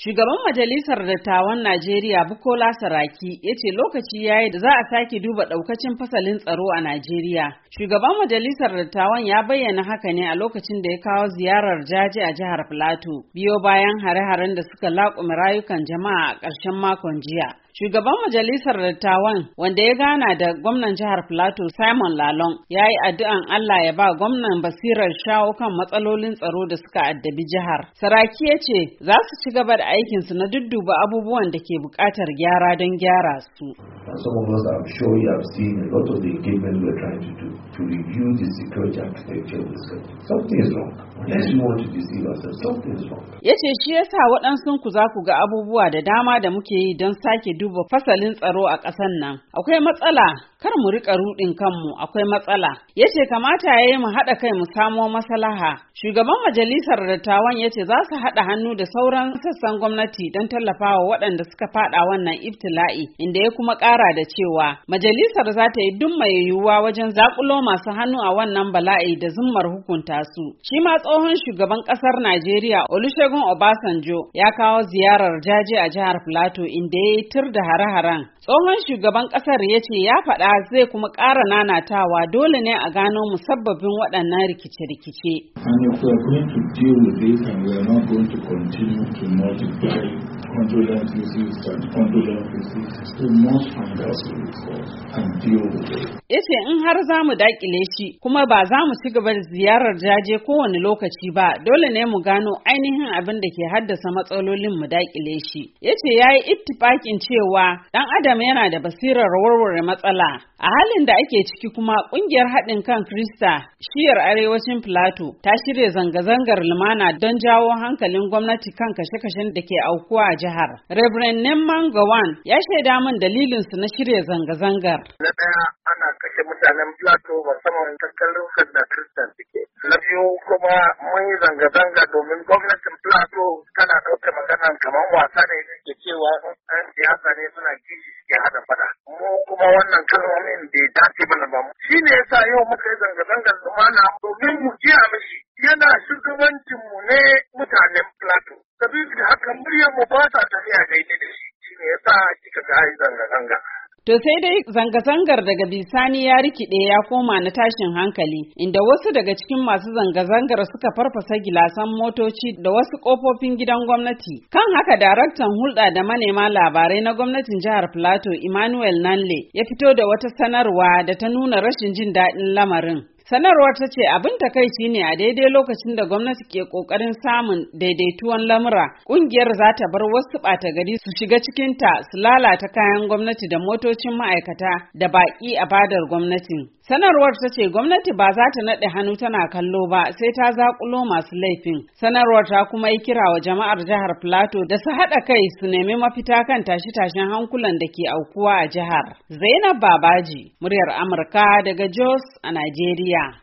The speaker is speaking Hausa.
Shugaban Majalisar Dattawan Najeriya Bukola Saraki ya ce lokaci ya yi da za a sake duba ɗaukacin fasalin tsaro a Najeriya. Shugaban Majalisar Dattawan ya bayyana haka ne a lokacin da ya kawo ziyarar jaji a jihar Filato, biyo bayan hare-haren da suka laƙume rayukan jama'a a ƙarshen makon jiya. Shugaban majalisar dattawan wanda ya gana da gwamnan jihar Plateau Simon Lalong ya yi addu'an Allah ya ba gwamnan basirar shawo kan matsalolin tsaro da suka addabi jihar. Saraki ya ce za su ci gaba da aikinsu na dudduba abubuwan da ke bukatar gyara don gyara su. Some of us I'm Ya ce shi yasa waɗansu ku za ku ga abubuwa da dama da muke yi don sake duba fasalin tsaro a ƙasar nan. Akwai matsala kar mu riƙa ruɗin kanmu akwai matsala ya ce kamata ya yi mu haɗa kai mu samo maslaha shugaban majalisar dattawan ya ce za su haɗa hannu da sauran sassan gwamnati don tallafawa waɗanda suka faɗa wannan ibtila'i inda ya kuma ƙara da cewa majalisar za ta yi duk mai yiwuwa wajen zaƙulo masu hannu a wannan bala'i da zummar hukunta su shi ma tsohon shugaban ƙasar najeriya olusegun obasanjo ya kawo ziyarar jaje a jihar plateau inda ya yi tur da hare-haren tsohon shugaban ƙasar ya ce ya faɗa zai kuma ƙara nanatawa dole ne a gano musabbabin waɗannan rikice-rikice. disease and disease to most find and deal with it. Yace in har za mu dakile shi kuma ba za mu ci gaba da ziyarar jaje kowane lokaci ba dole ne mu gano ainihin abin da ke haddasa matsalolin mu dakile shi. Yace ya yi ittifakin cewa dan adam yana da basirar warware matsala. A halin da ake ciki kuma kungiyar haɗin kan Krista shiyar arewacin Plateau ta shirya zanga-zangar lumana don jawo hankalin gwamnati kan kashe-kashen da ke aukuwa jihar. Reverend Neman Gowan ya shaida min dalilinsu na shirya zanga-zangar. Na ɗaya ana kashe mutanen Plateau musamman tattalin da Kristan suke. Na biyu kuma mun yi zanga-zanga domin gwamnatin Plateau tana ɗauke maganan kamar wasa ne da cewa ɗan siyasa ne suna kishi suke hada fada. Mu kuma wannan kalmomin bai dace mana ba. Shi ne yasa yau muka yi zanga-zangar lumana domin mu jiya mishi yana shugabancinmu ne mutanen Plateau. Sabili da haka muryar mu ba ta tafiya daidai da shi shine sa kika ga yi zanga-zanga. To sai dai zanga-zangar daga bisani ya rikide ya koma na tashin hankali, inda wasu daga cikin masu zanga-zangar suka farfasa gilasan motoci da wasu kofofin gidan gwamnati. Kan haka daraktan hulɗa da manema labarai na gwamnatin jihar Plateau Emmanuel Nanle ya fito da wata sanarwa da ta nuna rashin jin daɗin lamarin. Sanarwar ta ce abin takaici ne a daidai lokacin da gwamnati ke kokarin samun daidaituwan lamura, kungiyar za ta bar wasu ɓata gari su shiga cikinta su lalata kayan gwamnati da motocin ma'aikata da baƙi a badar gwamnatin. Sanarwar ta ce gwamnati ba za ta naɗe hannu tana kallo ba sai ta zaƙulo masu laifin. Sanarwar ta kuma yi kira wa jama'ar jihar Plateau da su haɗa kai su nemi mafita kan tashe-tashen hankulan da ke aukuwa a jihar. Zainab Babaji, muryar Amurka daga Jos a Najeriya. ya